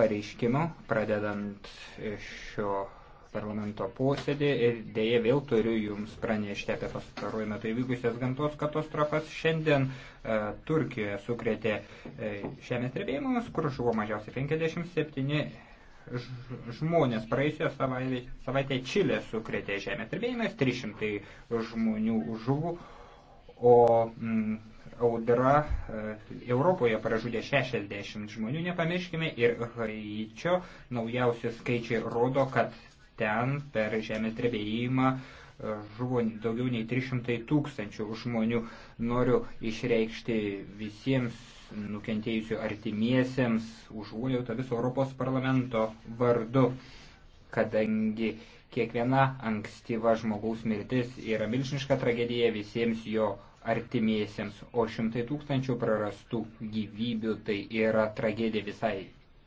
pareiškimų, pradedant šio parlamento posėdį ir dėje vėl turiu Jums pranešti apie pastaruoju metu įvykusias gamtos katastrofas. Šiandien e, Turkijoje sukrėtė e, žemės drebėjimas, kur žuvo mažiausiai 57 žmonės. Praėjusią savaitę Čilė sukrėtė žemės drebėjimas, 300 žmonių žuvo o mm, audra e, Europoje pražudė 60 žmonių, nepamirškime, ir Haičio naujausi skaičiai rodo, kad ten per žemės drebėjimą e, žuvo daugiau nei 300 tūkstančių žmonių. Noriu išreikšti visiems nukentėjusių artimiesiems užuojautą viso Europos parlamento vardu, kadangi kiekviena ankstyva žmogaus mirtis yra milžiniška tragedija visiems jo artimiesiems, o šimtai tūkstančių prarastų gyvybių tai yra tragedija visai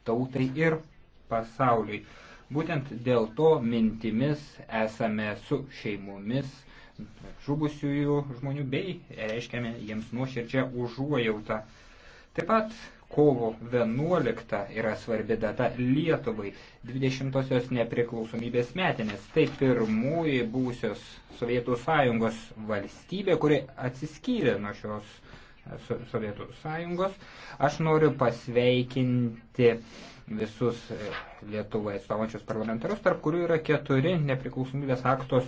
tautai ir pasauliui. Būtent dėl to mintimis esame su šeimomis žuvusiųjų žmonių bei reiškiame jiems nuoširdžią užuojautą. Taip pat kovo 11 yra svarbi data Lietuvai, 20-osios nepriklausomybės metinės. Tai pirmoji buvusios Sovietų sąjungos valstybė, kuri atsiskyrė nuo šios e, Sovietų sąjungos. Aš noriu pasveikinti visus e, Lietuvai atstovaujančius parlamentarus, tarp kurių yra keturi nepriklausomybės akto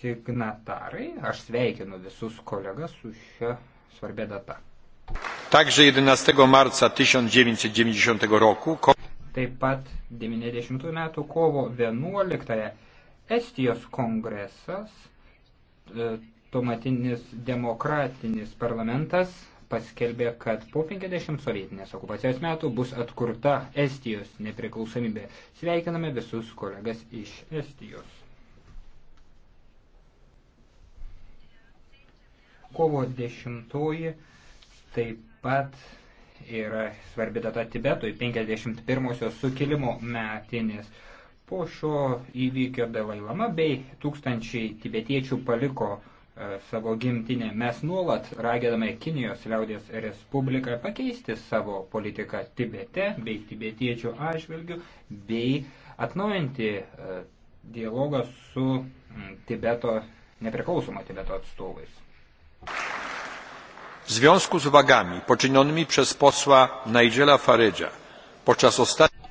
signatarai. Aš sveikinu visus kolegas su šia svarbia data. Także 11 marca 1990 roku. Taip pat 90 metų kovo 11 Estijos kongresas, e, tuometinis demokratinis parlamentas paskelbė, kad po 50 sovietinės okupacijos metų bus atkurta Estijos nepriklausomybė. Sveikiname visus kolegas iš Estijos. Kovo 10 Taip pat yra svarbi data Tibetui - 51-osios sukilimo metinės. Po šio įvykio Dalai Lama bei tūkstančiai tibetiečių paliko e, savo gimtinę. Mes nuolat raginame Kinijos liaudės Respubliką pakeisti savo politiką Tibete bei tibetiečių atžvilgių bei atnaujinti e, dialogą su Tibeto, nepriklausomo Tibeto atstovais. W związku z uwagami poczynionymi przez posła Nigela Farage'a podczas ostatniej...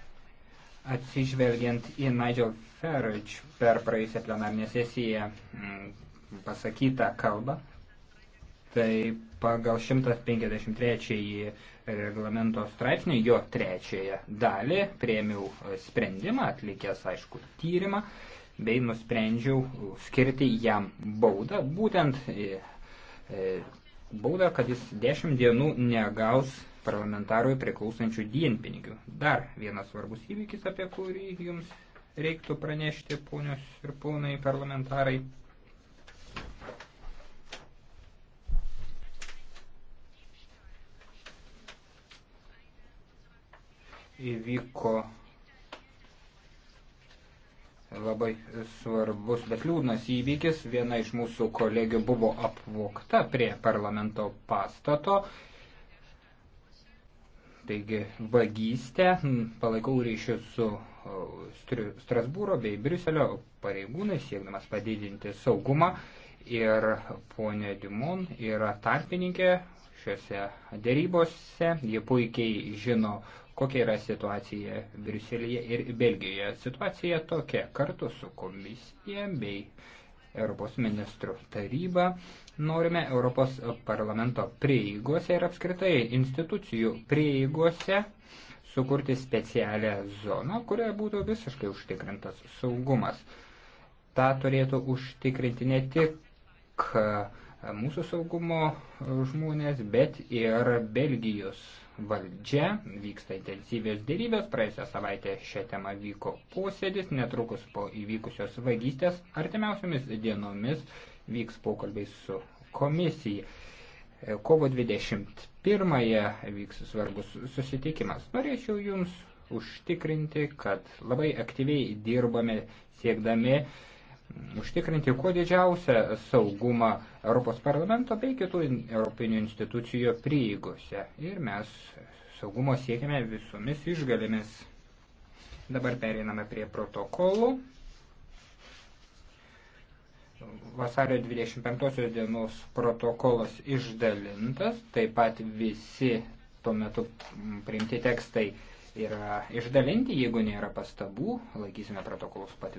Atsižvelgiant į Nigel Farage per praėjusią plenarinę sesiją mm, pasakytą kalbą, tai pagal 153 reglamento straipsnį, jo trečiąją dalį, prieimiau sprendimą, atlikęs, aišku, tyrimą, bei nusprendžiau skirti jam baudą, būtent e, e, baudą, kad jis 10 dienų negaus parlamentarui priklausančių dienpinigių. Dar vienas svarbus įvykis, apie kurį jums reiktų pranešti, ponios ir ponai parlamentarai. Įvyko labai svarbus, bet liūdnas įvykis. Viena iš mūsų kolegių buvo apvokta prie parlamento pastato. Taigi vagystę hm, palaikau ryšius su Strasbūro bei Briuselio pareigūnai, siekdamas padidinti saugumą. Ir ponė Dimon yra tarpininkė šiuose dėrybose. Jie puikiai žino, kokia yra situacija Briuselėje ir Belgijoje. Situacija tokia, kartu su komisija bei Europos ministrų taryba norime Europos parlamento prieigose ir apskritai institucijų prieigose sukurti specialią zoną, kurioje būtų visiškai užtikrintas saugumas. Ta turėtų užtikrinti ne tik uh, E, mūsų saugumo e, žmonės, bet ir Belgijos valdžia. Vyksta intensyvės dėrybės, praėjusią savaitę šią temą vyko posėdis, netrukus po įvykusios vagystės artimiausiomis dienomis vyks pokalbiai su komisija. E, kovo 21-ąją vyks svarbus susitikimas. Norėčiau Jums užtikrinti, kad labai aktyviai dirbame siekdami užtikrinti kuo didžiausią saugumą Europos parlamento bei kitų europinių institucijų prieigose. Ir mes saugumo siekime visomis išgalėmis. Dabar pereiname prie protokolų. Vasario 25 dienos protokolas išdalintas, taip pat visi tuo metu priimti tekstai yra išdalinti, jeigu nėra pastabų, laikysime protokolus pati.